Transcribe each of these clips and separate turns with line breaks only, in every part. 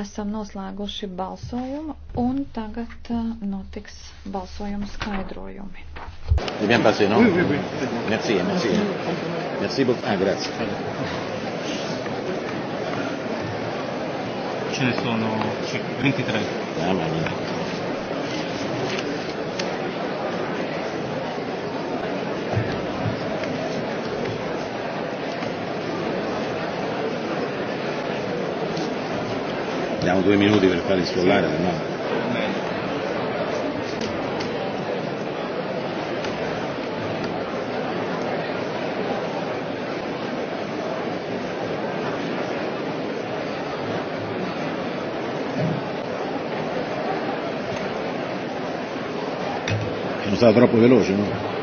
esam noslēguši balsojumu un tagad uh, notiks balsojuma skaidrojumi. Bien passé, non? Oui, oui, oui. Merci, merci.
Merci beaucoup. Ah, grazie. Ce ne sono 23. Ah, ma mia. Diamo due minuti per farli sfollare, se no. Sono stato troppo veloce, no?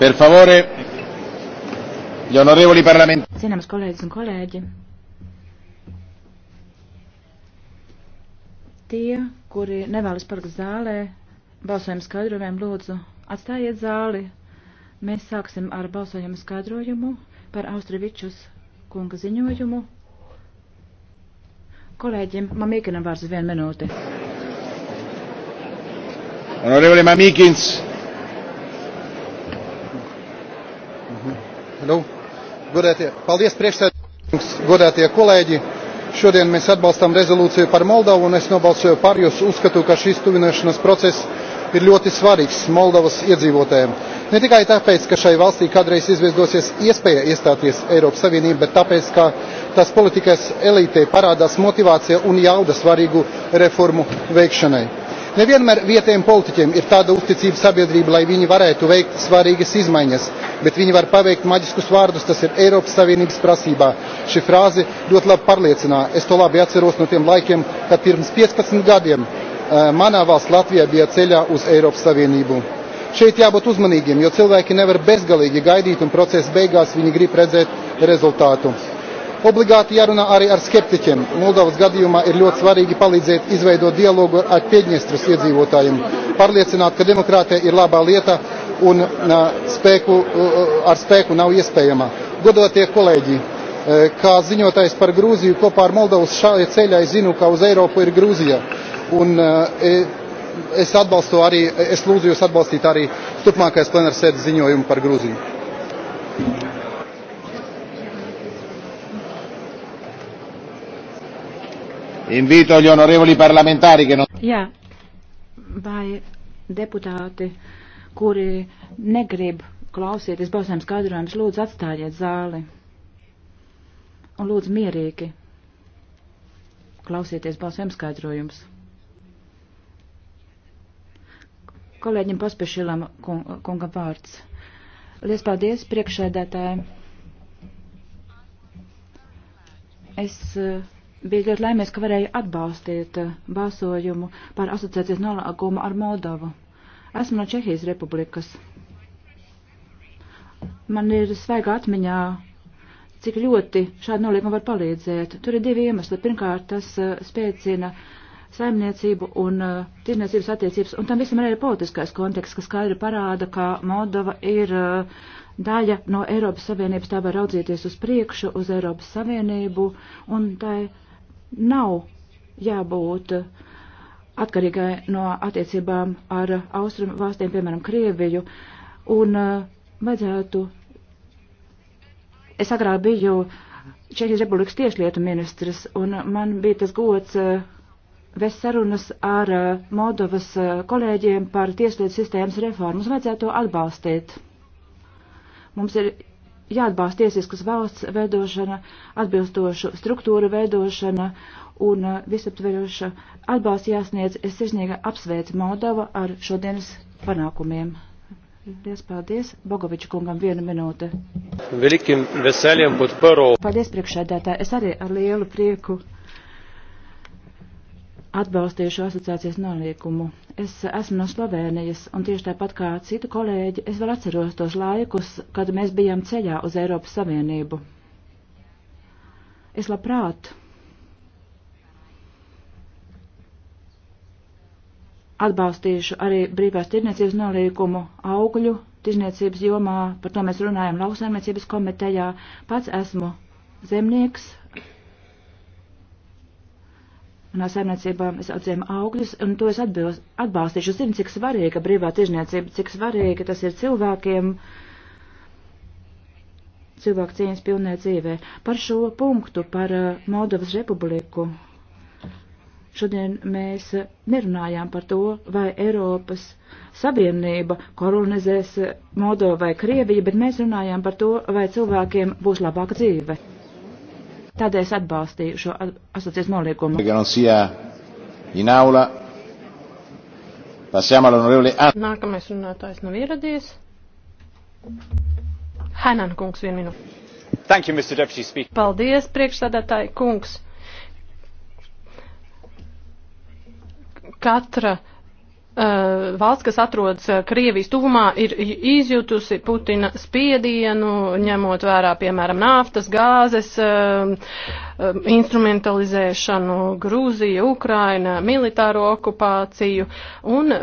Per favore, gli onorevoli parlamentari.
Zināms, kolēģis un kolēģi. Tie, kuri nevēlas palikt zālē, balsojumu skaidrojumiem lūdzu atstājiet zāli. Mēs sāksim ar balsojumu skaidrojumu par Austrivičus kunga ziņojumu. Kolēģiem, mamīkinam vārds vienu minūti.
Onorevole Mamikins. Nu, godētie, paldies priekšsēdētājums, godētie kolēģi. Šodien mēs atbalstam rezolūciju par Moldovu un es nobalsoju par, jo uzskatu, ka šis tuvināšanas process ir ļoti svarīgs Moldovas iedzīvotājiem. Ne tikai tāpēc, ka šai valstī kādreiz izveidosies iespēja iestāties Eiropas Savienībā, bet tāpēc, ka tās politikas elitei parādās motivācija un jauda svarīgu reformu veikšanai. Nevienmēr vietējiem politiķiem ir tāda uzticība sabiedrība, lai viņi varētu veikt svarīgas izmaiņas, bet viņi var paveikt maģiskus vārdus, tas ir Eiropas Savienības prasībā. Šī frāze ļoti labi pārliecinā. Es to labi atceros no tiem laikiem, kad pirms 15 gadiem eh, manā valsts Latvijā bija ceļā uz Eiropas Savienību. Šeit jābūt uzmanīgiem, jo cilvēki nevar bezgalīgi gaidīt un procesa beigās viņi grib redzēt rezultātu. Obligāti jārunā arī ar skeptiķiem. Moldovas gadījumā ir ļoti svarīgi palīdzēt izveidot dialogu ar Piedņestras iedzīvotājiem, pārliecināt, ka demokrātija ir labā lieta un spēku, ar spēku nav iespējama. Godotie kolēģi, kā ziņotājs par Grūziju kopā ar Moldovas šajā ceļā, es zinu, ka uz Eiropu ir Grūzija. Un e, es atbalstu arī, es lūdzu jūs atbalstīt arī turpmākais plenārsēdes ziņojumu par Grūziju.
Invito gli onorevoli parlamentari che non...
Jā, vai deputāti, kuri negrib klausieties balsēm skaidrojumus, lūdzu atstājiet zāli. Un lūdzu mierīgi klausieties balsēm skaidrojumus. Kolēģim Paspešilam kunga vārds. Lies paldies priekšēdētājiem. Es uh, bija ļoti laimīgs, ka varēja atbalstīt eh, balsojumu par asociācijas nolāgumu ar Moldovu. Esmu no Čehijas republikas. Man ir svaigā atmiņā, cik ļoti šāda nolīguma var palīdzēt. Tur ir divi iemesli. Pirmkārt, tas eh, spēcina saimniecību un eh, tirniecības attiecības, un tam visam arī ir politiskais konteksts, kas skaidri parāda, ka Moldova ir uh, daļa no Eiropas Savienības, tā var raudzīties uz priekšu, uz Eiropas Savienību, un tai nav jābūt atkarīgai no attiecībām ar austrumu valstīm, piemēram, Krieviju, un eh, vajadzētu. Es agrāk biju Čehijas Republikas tieslietu ministrs, un man bija tas gods eh, vest sarunas ar eh, Moldovas kolēģiem par tieslietu sistēmas reformu. Mums vajadzētu to atbalstīt. Mums ir jāatbalsta tiesiskas valsts veidošana, atbilstošu struktūru veidošana un uh, visaptveroša atbalsts jāsniedz. Es sirsnīgi apsveicu Moldova ar šodienas panākumiem. Liels paldies. Bogoviča kungam viena minūte.
Velikim veseliem pod paro.
Paldies priekšēdētāji. Es arī ar lielu prieku atbalstījuši asociācijas noliekumu. Es esmu no Slovēnijas, un tieši tāpat kā citi kolēģi, es vēl atceros tos laikus, kad mēs bijām ceļā uz Eiropas Savienību. Es labprāt atbalstīšu arī brīvās tirniecības noliekumu augļu tirniecības jomā, par to mēs runājam lauksaimniecības komitejā. Pats esmu zemnieks, manā saimniecībā mēs audzējam augļus, un to es atbilst, atbalstīšu. Zinu, cik svarīga brīvā tirzniecība, cik svarīga tas ir cilvēkiem, cilvēku cieņas pilnē dzīvē. Par šo punktu, par uh, Moldovas republiku. Šodien mēs nerunājām par to, vai Eiropas Savienība kolonizēs Moldovu vai Krieviju, bet mēs runājām par to, vai cilvēkiem būs labāka dzīve. Tādēļ es atbalstīju šo asociācijas noliegumu.
Nākamais runātājs nav ieradies. Henan kungs, vienu minūti. You, Paldies, priekšsēdētāji kungs. Katra Eh, valsts, kas atrodas eh, Krievijas tuvumā, ir izjutusi Putina spiedienu, ņemot vērā, piemēram, naftas, gāzes, eh, instrumentalizēšanu, Grūziju, Ukraina, militāro okupāciju un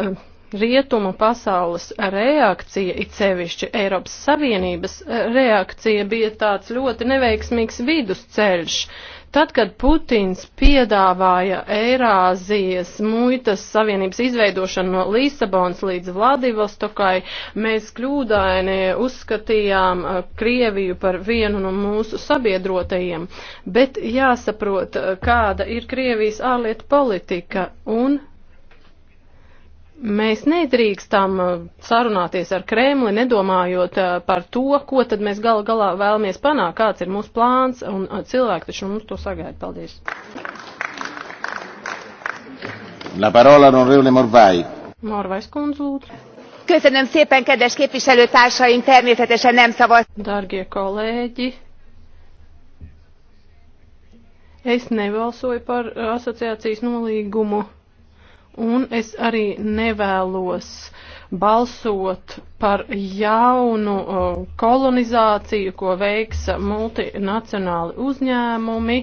rietumu pasaules reakcija, it sevišķi Eiropas Savienības reakcija, bija tāds ļoti neveiksmīgs vidusceļš. Uh, Tad, kad Putins piedāvāja Eirāzijas muitas savienības izveidošanu no Lisabonas līdz Vladivostokai, mēs kļūdaini uzskatījām uh, Krieviju par vienu no mūsu sabiedrotajiem, bet jāsaprot, uh, kāda ir Krievijas ārlietu politika un Mēs nedrīkstam uh, sarunāties ar Kremli, nedomājot uh, par to, ko tad mēs gal galā vēlamies panākt, kāds ir mūsu plāns, un uh, cilvēki taču mums to sagaida. Paldies.
La parola onorevole Morvai.
Morvais kundze lūdzu. Köszönöm szépen, kedves képviselőtársaim, természetesen nem szavaz. Dargie kolēģi, es nebalsoju par asociācijas nolīgumu. Un es arī nevēlos balsot par jaunu kolonizāciju, ko veiks multinacionāli uzņēmumi.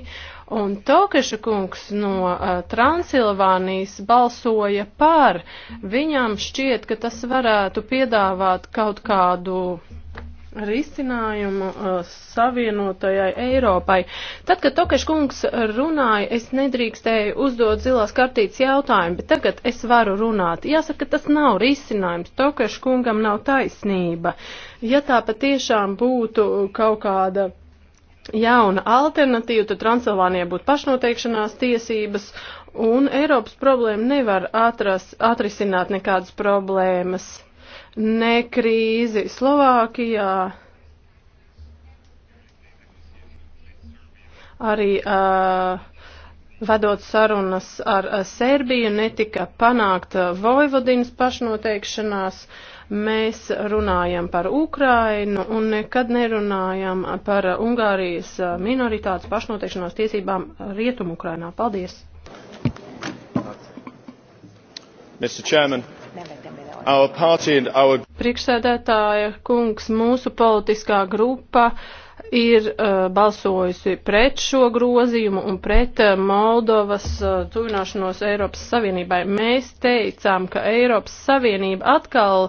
Un Tokeša kungs no uh, Transilvānijas balsoja par. Viņām šķiet, ka tas varētu piedāvāt kaut kādu risinājumu uh, savienotajai Eiropai. Tad, kad Tokeš kungs runāja, es nedrīkstēju uzdot zilās kartītes jautājumu, bet tagad es varu runāt. Jāsaka, tas nav risinājums. Tokeš kungam nav taisnība. Ja tā patiešām būtu kaut kāda jauna alternatīva, tad Transilvānijai būtu pašnoteikšanās tiesības un Eiropas problēma nevar atras, atrisināt nekādas problēmas ne krīzi Slovākijā. Arī uh, vedot sarunas ar Serbiju, netika panākta Vojvodinas pašnoteikšanās. Mēs runājam par Ukrainu un nekad nerunājam par Ungārijas minoritātes pašnoteikšanās tiesībām Rietumu Ukrainā. Paldies!
Mr. Chairman
our...
Priekšsēdētāja kungs, mūsu politiskā grupa ir uh, balsojusi pret šo grozījumu un pret uh, Moldovas uh, tuvināšanos Eiropas Savienībai. Mēs teicām, ka Eiropas Savienība atkal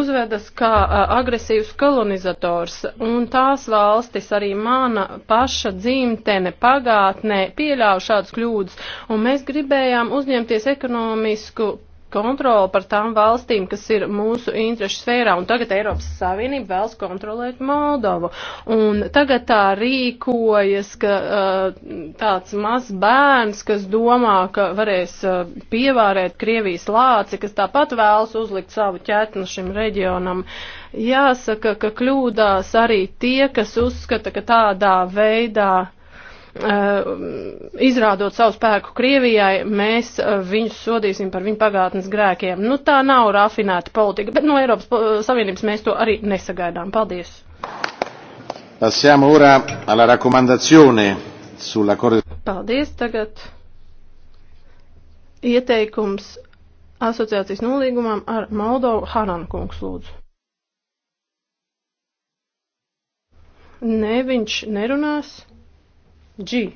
uzvedas kā uh, agresīvs kolonizators, un tās valstis arī mana paša dzimtene pagātnē pieļāva šādas kļūdas, un mēs gribējām uzņemties ekonomisku kontroli par tām valstīm, kas ir mūsu interešu sfērā, un tagad Eiropas Savienība vēlas kontrolēt Moldovu. Un tagad tā rīkojas, ka uh, tāds maz bērns, kas domā, ka varēs uh, pievārēt Krievijas lāci, kas tāpat vēlas uzlikt savu ķetnu šim reģionam. Jāsaka, ka kļūdās arī tie, kas uzskata, ka tādā veidā Eh, izrādot savu spēku Krievijai, mēs eh, viņus sodīsim par viņu pagātnes grēkiem. Nu, tā nav rafinēta politika, bet no Eiropas Savienības mēs to arī nesagaidām. Paldies!
Passiamo ora alla raccomandazione sulla
Paldies, tagad ieteikums asociācijas nolīgumam ar Moldovu Hanan kungs lūdzu. Nē, ne, viņš nerunās. G.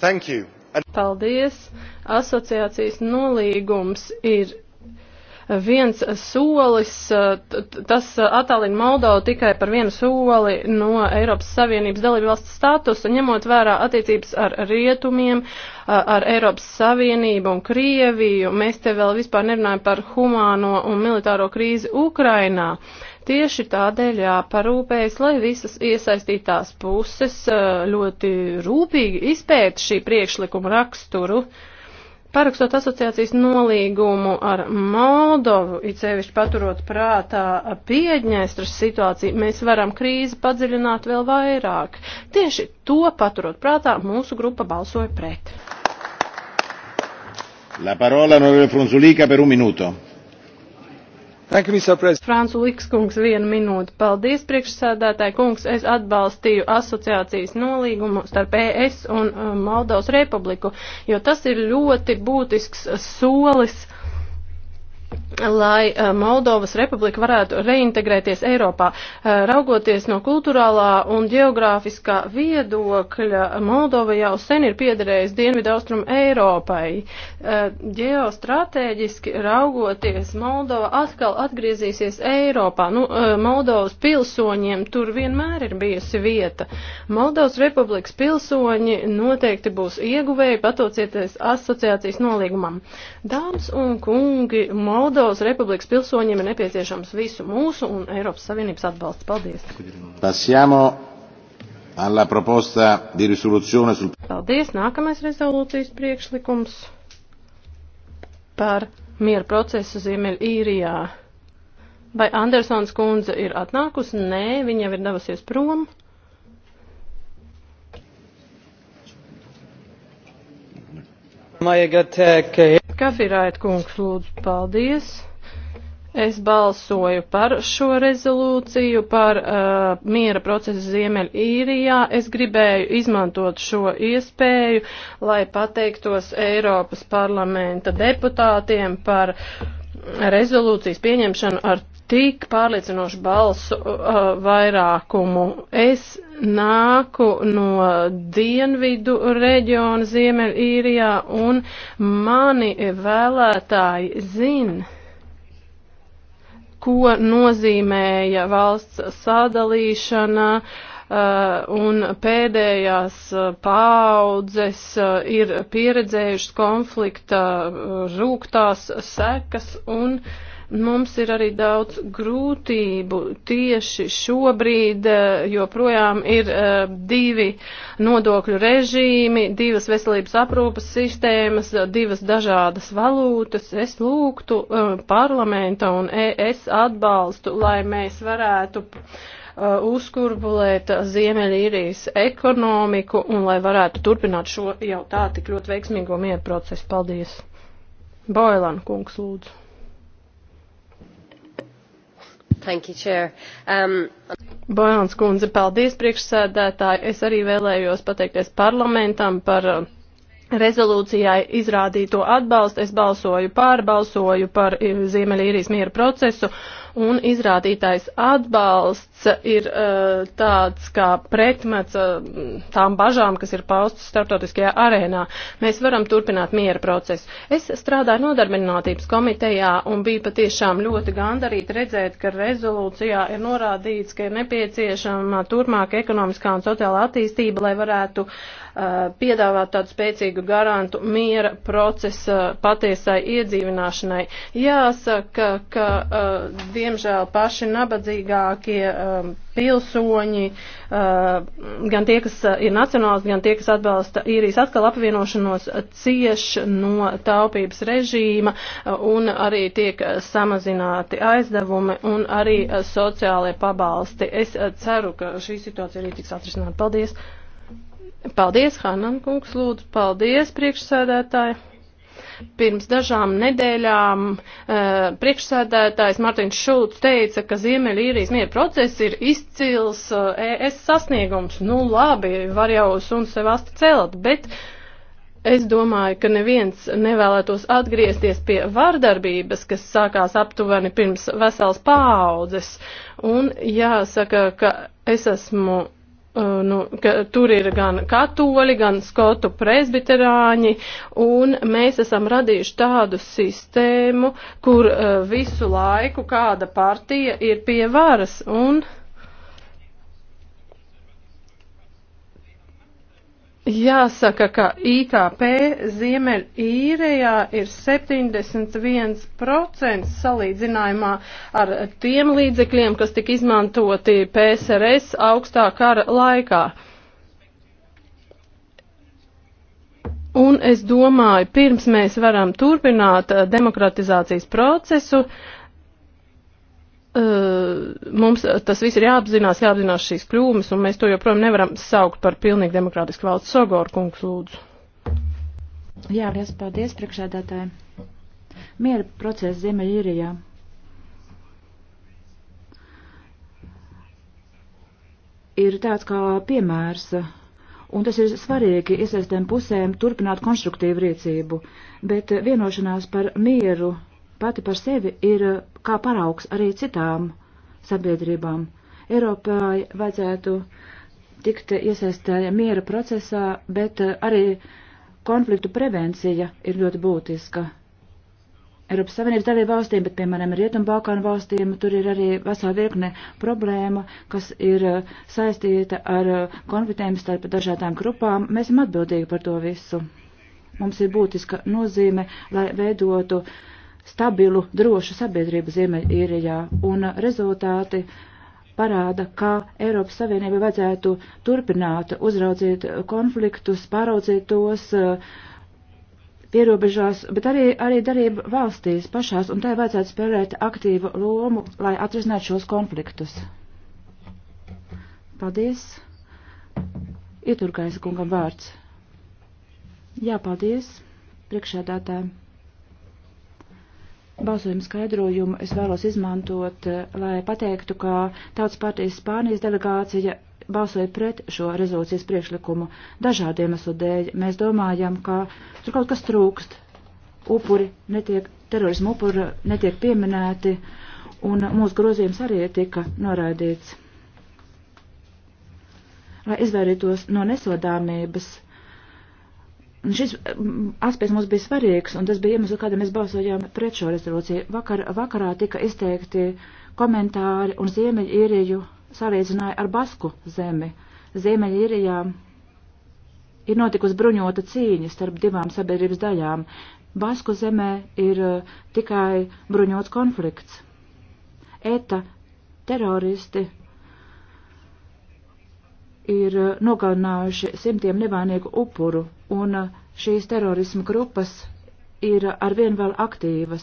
Thank you. Paldies! Asociācijas nolīgums ir viens solis, tas attālina Moldovu tikai par vienu soli no Eiropas Savienības dalībvalsts statusa, ņemot vērā attiecības ar rietumiem, ar Eiropas Savienību un Krieviju. Mēs te vēl vispār nerunājam par humāno un militāro krīzi Ukrainā. Uh, Tieši tādēļ jāparūpējas, lai visas iesaistītās puses eh, ļoti rūpīgi izpēta šī priekšlikuma raksturu. Parakstot asociācijas nolīgumu ar Moldovu, it sevišķi paturot prātā Piedņestras situāciju, mēs varam krīzi padziļināt vēl vairāk. Tieši to paturot prātā mūsu grupa balsoja pret.
La parola onorevole Frunzulika per un minuto.
Frāns Liks kungs, viena minūte. Paldies, priekšsādātāji kungs. Es atbalstīju asociācijas nolīgumu starp ES un uh, Moldovas republiku, jo tas ir ļoti būtisks solis. Uh, lai eh, Moldovas republika varētu reintegrēties Eiropā. Eh, raugoties no kultūrālā un geogrāfiskā viedokļa, Moldova jau sen ir piederējusi Dienvidaustrum Eiropai. Geostrateģiski eh, raugoties, Moldova atkal atgriezīsies Eiropā. Nu, Moldovas pilsoņiem tur vienmēr ir bijusi vieta. Moldovas republikas pilsoņi noteikti būs ieguvēji patocieties asociācijas nolīgumam. Dāmas un kungi, Moldova Moldovas republikas pilsoņiem ir nepieciešams visu mūsu un Eiropas Savienības atbalsts. Paldies!
Pasiamo alla proposta di risoluzione sul...
Paldies! Nākamais rezolūcijas priekšlikums par miera procesu Ziemeļīrijā. Vai Andersons kundze ir atnākusi? Nē, viņa jau ir devusies prom. Kafirājat kungs, lūdzu, paldies. Es balsoju par šo rezolūciju, par uh, miera procesu Ziemeļīrijā. Es gribēju izmantot šo iespēju, lai pateiktos Eiropas parlamenta deputātiem par rezolūcijas pieņemšanu ar tik pārliecinošu balsu uh, vairākumu. Es nāku no dienvidu reģiona Ziemeļīrijā un mani vēlētāji zina, ko nozīmēja valsts sadalīšana, uh, Uh, un pēdējās uh, paaudzes uh, ir pieredzējušas konflikta uh, rūktās sekas un uh, Mums ir arī daudz grūtību tieši šobrīd, eh, joprojām ir eh, divi nodokļu režīmi, divas veselības aprūpas sistēmas, divas dažādas valūtas. Es lūgtu eh, parlamenta un ES atbalstu, lai mēs varētu uzkurbulēt Ziemeļīrijas ekonomiku un lai varētu turpināt šo jau tā tik ļoti veiksmīgo mieru procesu. Paldies! Boilan kungs lūdzu. You, um... Bojāns kundze, paldies priekšsēdētāji. Es arī vēlējos pateikties parlamentam par uh, rezolūcijai izrādīto atbalstu. Es balsoju pār, balsoju par uh, Ziemeļīrijas miera procesu un izrādītais atbalsts ir uh, tāds kā pretmets uh, tām bažām, kas ir paustas starptautiskajā arēnā. Mēs varam turpināt miera procesu. Es strādāju nodarbinātības komitejā un bija patiešām ļoti gandarīti redzēt, ka rezolūcijā ir norādīts, ka ir nepieciešama turmāka ekonomiskā un sociāla attīstība, lai varētu uh, piedāvāt tādu spēcīgu garantu miera procesa patiesai iedzīvināšanai. Jāsaka, ka uh, diemžēl paši nabadzīgākie um, pilsoņi, uh, gan tie, kas uh, ir nacionālisti, gan tie, kas atbalsta īrijas atkal apvienošanos, uh, cieš no taupības režīma uh, un arī tiek samazināti aizdevumi un arī sociālie pabalsti. Es ceru, ka šī situācija arī tiks atrisināta. Paldies! Paldies, Hanan kungs, lūdzu, paldies, priekšsēdētāji! Pirms dažām nedēļām uh, priekšsēdētājs Martins Šulcs teica, ka Ziemeļīrijas miera process ir izcils uh, eh, ES sasniegums. Nu labi, var jau sun sev asti celt, bet es domāju, ka neviens nevēlētos atgriezties pie vardarbības, kas sākās aptuveni pirms vesels paaudzes. Un jāsaka, ka es esmu Uh, nu, ka tur ir gan katoļi, gan skotu presbiterāņi, un mēs esam radījuši tādu sistēmu, kur uh, visu laiku kāda partija ir pie varas, un Jāsaka, ka IKP Ziemeļīrijā ir 71% salīdzinājumā ar tiem līdzekļiem, kas tika izmantoti PSRS augstā kara laikā. Un es domāju, pirms mēs varam turpināt eh, demokratizācijas procesu, uh, mums tas viss ir jāapzinās, jāapzinās šīs kļūmes, un mēs to joprojām nevaram saukt par pilnīgi demokrātisku valsts Sogoru kungs lūdzu.
Jā, liels paldies priekšēdētāji. Miera process Ziemeļīrijā. Ir tāds kā piemērs, un tas ir svarīgi iesaistēm pusēm turpināt konstruktīvu rīcību, bet vienošanās par mieru pati par sevi ir eh, kā paraugs arī citām sabiedrībām. Eiropai vajadzētu tikt iesaistē miera procesā, bet eh, arī konfliktu prevencija ir ļoti būtiska. Eiropas Savienības dalību valstīm, bet, piemēram, Rietumbalkānu valstīm, tur ir arī vesela virkne problēma, kas ir eh, saistīta ar konfliktiem starp dažādām grupām. Mēs esam atbildīgi par to visu. Mums ir būtiska nozīme, lai veidotu uh, stabilu, drošu sabiedrību Ziemeļīrijā, un rezultāti parāda, kā Eiropas Savienība vajadzētu turpināt uzraudzīt konfliktus, pāraudzīt tos eh, pierobežās, bet arī, arī darība valstīs pašās, un tai vajadzētu spēlēt aktīvu lomu, lai atrisinātu šos konfliktus. Paldies. Ieturkais kungam vārds. Jā, paldies. Priekšēdātājiem balsojumu skaidrojumu es vēlos izmantot, eh, lai pateiktu, ka Tautas partijas Spānijas delegācija balsoja pret šo rezolūcijas priekšlikumu dažādiem eslu dēļ. Mēs domājam, ka tur kaut kas trūkst. Upuri netiek, terorismu upuri netiek pieminēti, un mūsu grozījums arī tika noraidīts. Lai izvairītos no nesodāmības Šis mm, aspekts mums bija svarīgs, un tas bija iemesls, kādēļ mēs balsojām pret šo rezolūciju. Vakar, vakarā tika izteikti komentāri, un Ziemeļīriju salīdzināja ar Basku zemi. Ziemeļīrijā ir notikusi bruņota cīņa starp divām sabiedrības daļām. Basku zemē ir eh, tikai bruņots konflikts. ETA teroristi ir eh, nogalinājuši simtiem nevainīgu upuru un uh, šīs terorisma grupas ir arvien vēl aktīvas.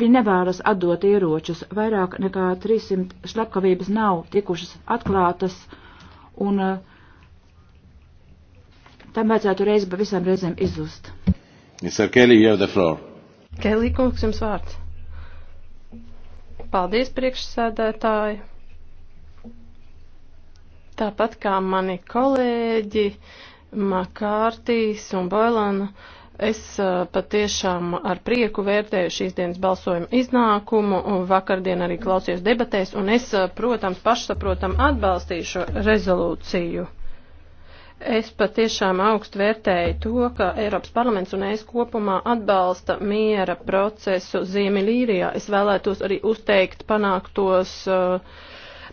Viņi nevēlas atdot ieročus, vairāk nekā 300 slepkavības nav tikušas atklātas, un uh, tam vajadzētu reizi pa visām reizēm izzust.
Mr. Kelly, you have the floor.
Kelly, kungs, jums vārds. Paldies, priekšsēdētāji. Tāpat kā mani kolēģi, uh, Makārtīs un Boilana. Es eh, patiešām ar prieku vērtēju šīs dienas balsojuma iznākumu un vakardien arī klausījos debatēs, un es, eh, protams, pašsaprotam atbalstīšu šo rezolūciju. Es patiešām augstu vērtēju to, ka Eiropas parlaments un es kopumā atbalsta miera procesu Ziemeļīrijā. Es vēlētos arī uzteikt panāktos uh,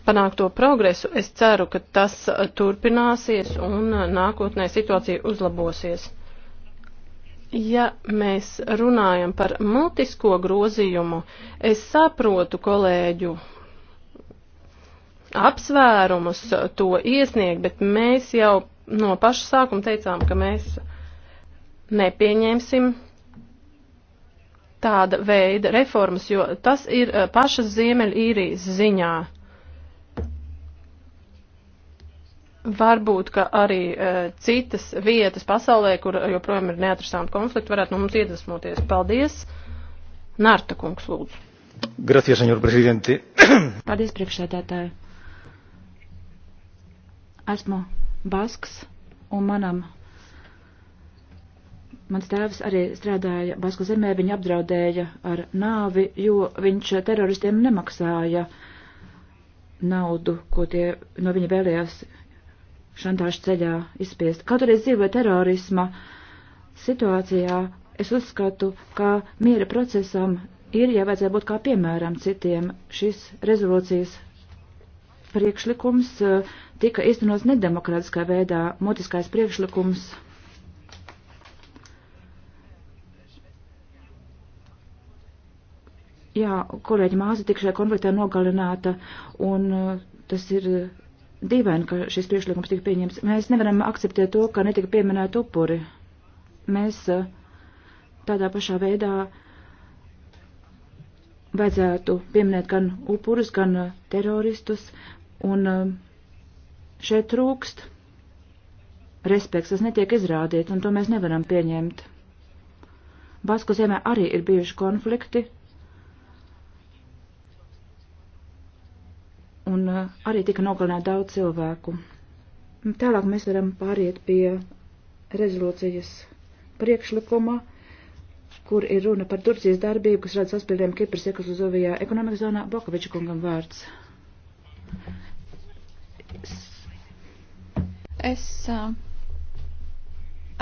panākto progresu. Es ceru, ka tas uh, turpināsies un uh, nākotnē situācija uzlabosies. Ja mēs runājam par mutisko grozījumu, es saprotu kolēģu apsvērumus uh, to iesniegt, bet mēs jau no paša sākuma teicām, ka mēs nepieņemsim tāda veida reformas, jo tas ir pašas Ziemeļīrijas ziņā. Varbūt, ka arī uh, citas vietas pasaulē, kur joprojām ir neatrastām konflikti, varētu no nu, mums iedvesmoties. Paldies! Nārta kungs, lūdzu.
Gracias, senor presidente.
Paldies, priekšsēdētāji. Esmu
Basks un manam mans tēvs arī strādāja Basku zemē, viņu apdraudēja ar nāvi, jo viņš teroristiem nemaksāja naudu, ko tie no viņa vēlējās šantāžu ceļā izspiest. Kaut arī dzīvoju terorisma situācijā, es uzskatu, ka miera procesam ir jāvajadzēja būt kā piemēram citiem. Šis rezolūcijas priekšlikums eh, tika īstenos nedemokrātiskā veidā. Mutiskais priekšlikums Jā, kolēģi māsa tik šajā konfliktā nogalināta, un eh, tas ir dīvaini, ka šis priekšlikums tika pieņemts. Mēs nevaram akceptēt to, ka netika pieminēt upuri. Mēs eh, tādā pašā veidā vajadzētu pieminēt gan upurus, gan eh, teroristus, un eh, šeit trūkst respekts, tas netiek izrādīt, un to mēs nevaram pieņemt. Basku zemē arī ir bijuši konflikti, un arī tika nogalināti daudz cilvēku. Tālāk mēs varam pāriet pie rezolūcijas priekšlikuma, kur ir runa par Turcijas darbību, kas rada saspīlēm Kipras ekoslovijā ekonomikas zonā. Bokoviča kungam vārds.
Es uh,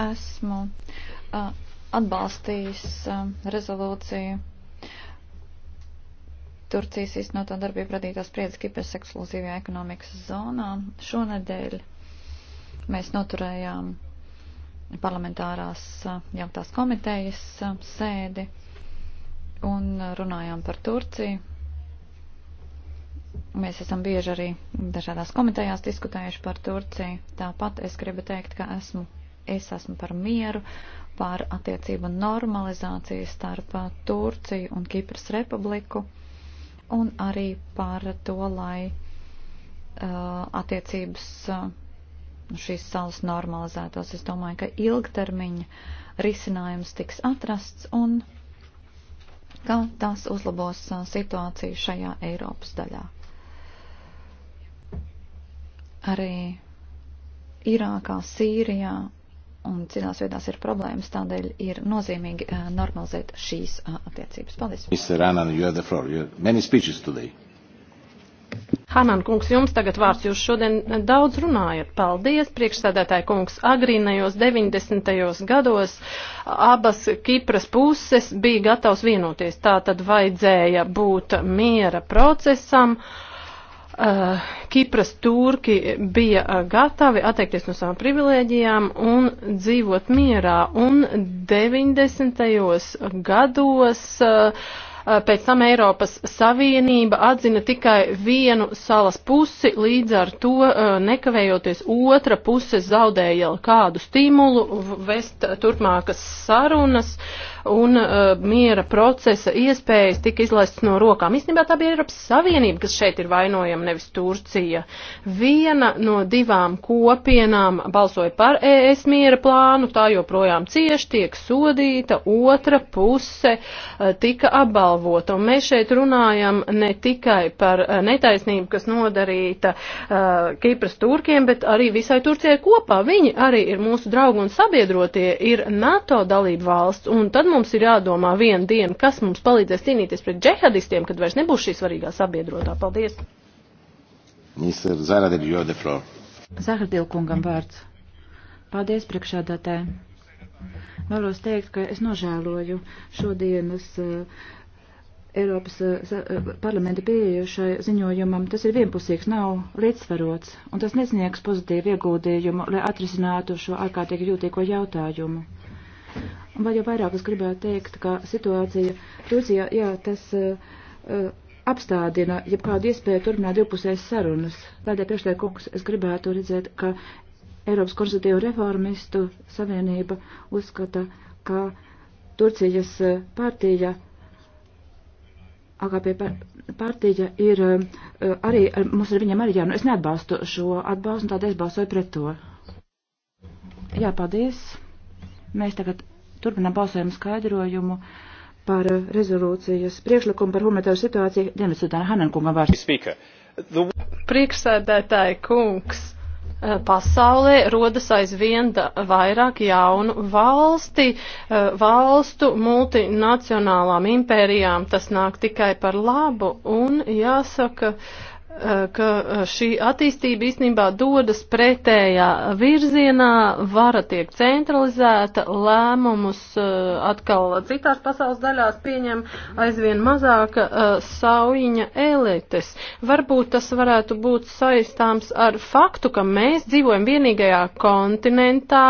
esmu uh, atbalstījis uh, rezolūciju Turcijas iznotā darbība radītās spriedzes Kipras ekskluzīvajā ekonomikas zonā. Šonedēļ mēs noturējām parlamentārās jautās komitejas sēdi un runājām par Turciju. Mēs esam bieži arī dažādās komitejās diskutējuši par Turciju. Tāpat es gribu teikt, ka esmu, es esmu par mieru, par attiecību normalizāciju starp Turciju un Kipras republiku un arī par to, lai uh, attiecības uh, šīs salas normalizētos. Es domāju, ka ilgtermiņa risinājums tiks atrasts un ka tas uzlabos uh, situāciju šajā Eiropas daļā. Arī Irākā, Sīrijā un citās vietās ir problēmas, tādēļ ir nozīmīgi eh,
normalizēt šīs eh, attiecības. Paldies.
Mr. Hanan, you have the floor. You have many speeches today.
Hanan, kungs, jums tagad vārds. Jūs šodien eh, daudz runājat. Paldies, priekšsēdētāji kungs. Agrīnajos 90. gados abas Kipras puses bija gatavs vienoties. Tā tad vajadzēja būt miera procesam. Uh, uh, Kipras turki bija eh, gatavi atteikties no savām privilēģijām un dzīvot mierā. Un 90. gados uh, pēc tam Eiropas Savienība atzina tikai vienu salas pusi, līdz ar to nekavējoties otra puse zaudēja kādu stimulu vest turpmākas sarunas. Uh, un uh, miera procesa iespējas tika izlaistas no rokām. Īstenībā tā bija Eiropas Savienība, kas šeit ir vainojama, nevis Turcija. Viena no divām kopienām balsoja par ES miera plānu, tā joprojām cieši tiek sodīta, otra puse uh, tika apbalvota. Un mēs šeit runājam ne tikai par uh, netaisnību, kas nodarīta uh, Kipras turkiem, bet arī visai Turcijai kopā. Viņi arī ir mūsu draugi un sabiedrotie, ir NATO dalība valsts, un tad mums mums ir jādomā vienu dienu, kas mums palīdzēs cīnīties pret džihadistiem, kad vairs nebūs šī svarīgā sabiedrotā. Paldies!
Zahardilkungam vārds. Paldies priekšādātē. Vēlos teikt, ka es nožēloju šodienas uh, Eiropas uh, parlamenta pieejušai ziņojumam, tas ir vienpusīgs, nav līdzsvarots, un tas nesniegs pozitīvu ieguldījumu, lai atrisinātu šo ārkārtīgi jūtīgo jautājumu. Vai jau vairāk es gribēju teikt, ka situācija Turcijā, jā, tas uh, apstādina jebkādu iespēju turpināt divpusējas sarunas. Tādēļ priekšlēk, kungs, es gribētu redzēt, ka Eiropas konservatīvu reformistu savienība uzskata, ka Turcijas eh, partija, AKP partija ir eh, arī, mums ar viņiem arī jānu. Es neatbalstu šo atbalstu, tādēļ es balsoju pret to. Jā, paldies. Mēs tagad Turpinām balsojumu skaidrojumu par rezolūcijas priekšlikumu par humanitāru situāciju Dienvidsudāna Hanankuma
vārds.
Priekšsēdētāji kungs, eh, pasaulē rodas aizvien vairāk jaunu valsti, eh, valstu multinacionālām impērijām. Tas nāk tikai par labu un jāsaka, Eh, ka eh, šī attīstība īstenībā dodas pretējā virzienā, vara tiek centralizēta, lēmumus eh, atkal citās pasaules daļās pieņem aizvien mazāka saujiņa elites. Varbūt tas varētu būt saistāms ar faktu, ka mēs dzīvojam vienīgajā kontinentā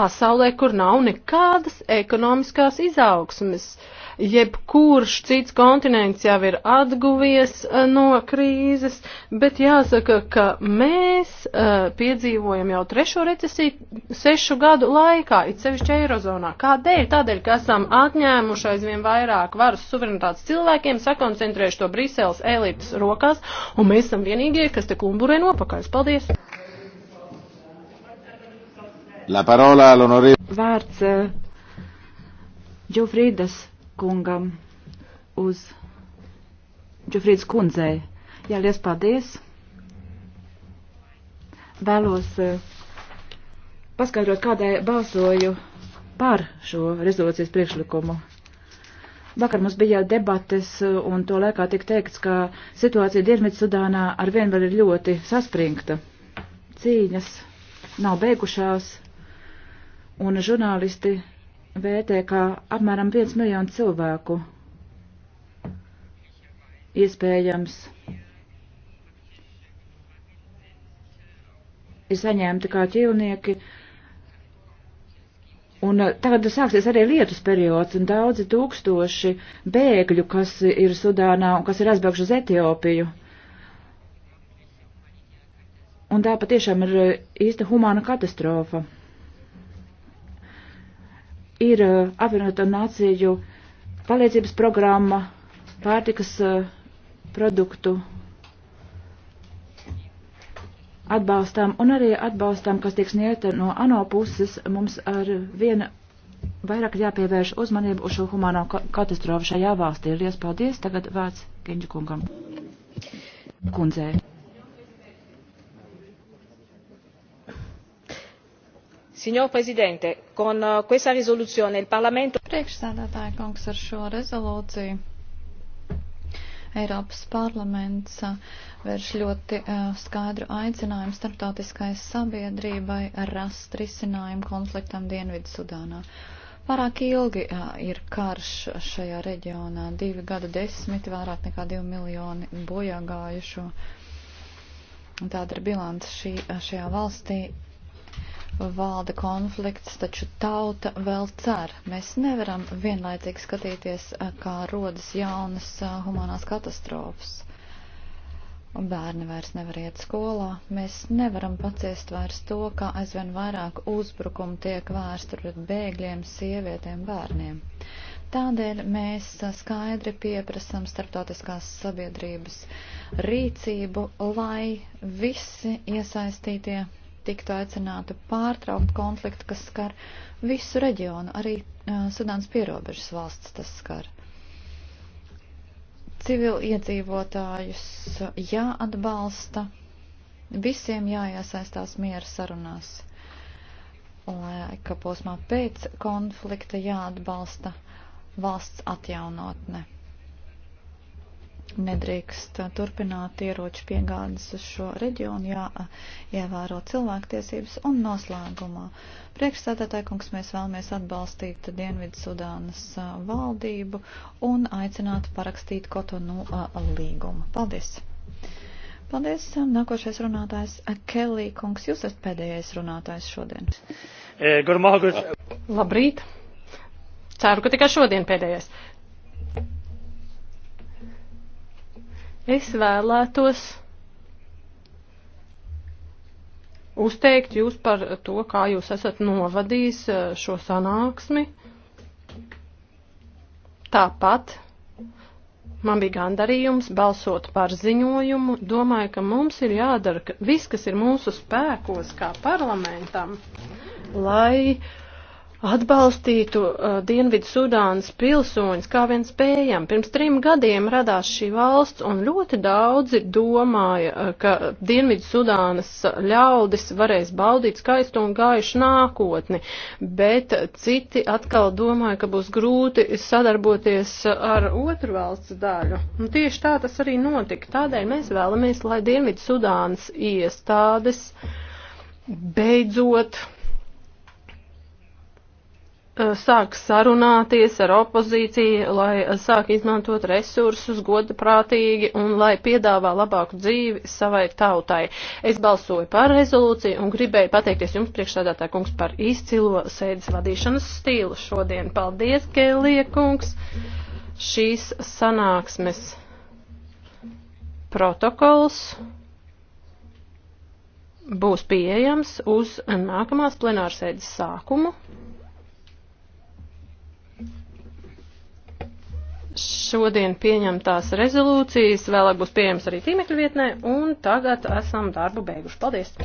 pasaulē, kur nav nekādas ekonomiskās izaugsmes. Uh, Jebkurš cits kontinents jau ir atguvies eh, no krīzes, bet jāsaka, ka mēs eh, piedzīvojam jau trešo recesiju sešu gadu laikā, it sevišķi Eirozonā. Kādēļ? Tādēļ, ka esam atņēmuši aizvien vairāk varas suverenitātes cilvēkiem, sakoncentrējuši to Briseles elites rokās, un mēs esam vienīgie, kas te klumburē nopakaļ. Paldies!
La parola all'onorevole.
Vārds Džufrīdas eh, kungam uz Džufrīdas kundzei. Jā, liels paldies! Vēlos eh, paskaidrot, kādēļ balsoju par šo rezolūcijas priekšlikumu. Vakar mums bija debates, eh, un to laikā tika teikts, ka situācija Dienvidsudānā arvien vēl ir ļoti saspringta. Cīņas nav beigušās, un žurnālisti vērtē kā apmēram 5 miljonu cilvēku iespējams ir saņemti kā ķīlnieki. Un eh, tagad sāksies arī lietus periods, un daudzi tūkstoši bēgļu, kas ir Sudānā un kas ir aizbraukuši uz Etiopiju. Un tā patiešām ir eh, īsta humāna katastrofa ir uh, apvienoto nāciju palīdzības programma pārtikas uh, produktu atbalstām un arī atbalstām, kas tiek sniegta no ANO puses, mums ar vienu vairāk jāpievērš uzmanību uz šo humāno katastrofu šajā valstī. Lies paldies, tagad vārds Kenģi kungam. Kundzei.
signor presidente con eh, questa risoluzione il parlamento. priekšsēdētāja kungs ar šo rezolūciju Eiropas parlaments eh, vērš ļoti eh, skaidru aicinājumu starptautiskai sabiedrībai rast risinājumu konfliktam Dienvidu Sudānā. Pārāk ilgi ir karš šajā reģionā, divi gada desmiti, vairāk nekā divi miljoni bojā gājušo. Tāda ir bilants šī, šajā valstī valda konflikts, taču tauta vēl cer. Mēs nevaram vienlaicīgi skatīties, kā rodas jaunas humanās katastrofas. Bērni vairs nevar iet skolā, mēs nevaram paciest vairs to, ka aizvien vairāk uzbrukumu tiek vērstu pret bēgļiem, sievietēm, bērniem. Tādēļ mēs skaidri pieprasam starptautiskās sabiedrības rīcību, lai visi iesaistītie tiktu aicināta pārtraukt konfliktu, kas skar visu reģionu, arī uh, Sudāns pierobežas valsts tas skar. Civili iedzīvotājus jāatbalsta, visiem jāiesaistās miera sarunās, laika posmā pēc konflikta jāatbalsta valsts atjaunotne nedrīkst turpināt ieroču piegādes uz šo reģionu, jāievēro cilvēktiesības un noslēgumā. Priekšstādātāji kungs mēs vēlamies atbalstīt Dienvidu Sudānas valdību un aicināt parakstīt Kotonu līgumu. Paldies! Paldies! Nākošais runātājs Kelly kungs, jūs esat pēdējais runātājs šodien.
Eh, Labrīt! Ceru, ka tikai šodien pēdējais. Es vēlētos uzteikt jūs par to, kā jūs esat novadījis eh, šo sanāksmi. Tāpat man bija gandarījums balsot par ziņojumu. Domāju, ka mums ir jādara viss, kas ir mūsu spēkos kā parlamentam, lai uh, atbalstītu uh, Dienvidu Sudānas pilsoņus, kā vien spējam. Pirms trim gadiem radās šī valsts, un ļoti daudzi domāja, uh, ka Dienvidu Sudānas ļaudis varēs baudīt skaistu un gaišu nākotni, bet citi atkal domāja, ka būs grūti sadarboties ar otru valsts daļu. Un tieši tā tas arī notika. Tādēļ mēs vēlamies, lai Dienvidu Sudānas iestādes beidzot Eh, sāk sarunāties ar opozīciju, lai sāk izmantot resursus godprātīgi un lai piedāvā labāku dzīvi savai tautai. Es balsoju par rezolūciju un gribēju pateikties jums priekšstādātā kungs par izcilo sēdes vadīšanas stilu šodien. Paldies, Kēlie kungs! Šīs sanāksmes protokols būs pieejams uz nākamās plenārsēdes sākumu. šodien pieņemtās rezolūcijas, vēlāk būs pieejams arī tīmekļu vietnē, un tagad esam darbu beiguši. Paldies!